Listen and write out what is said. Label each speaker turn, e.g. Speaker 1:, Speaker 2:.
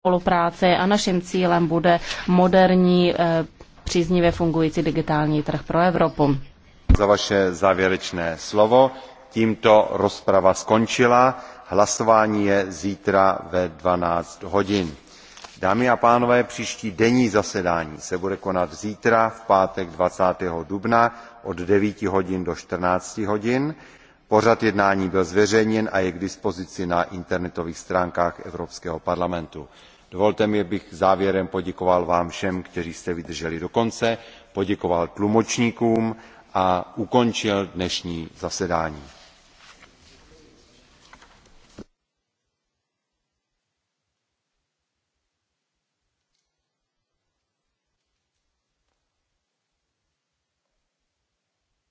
Speaker 1: spolupráci a naším cílem bude moderní, eh, příznivě fungující digitální trh pro Evropu.
Speaker 2: Za vaše závěrečné slovo. Tímto rozprava skončila. Hlasování je zítra ve 12 hodin. Dámy a pánové, příští denní zasedání se bude konat zítra v pátek 20. dubna od 9 hodin do 14 hodin pořad jednání byl zveřejněn a je k dispozici na internetových stránkách evropského parlamentu. dovolte mi abych závěrem poděkoval vám všem kteří jste vydrželi do konce poděkoval tlumočníkům a ukončil dnešní zasedání.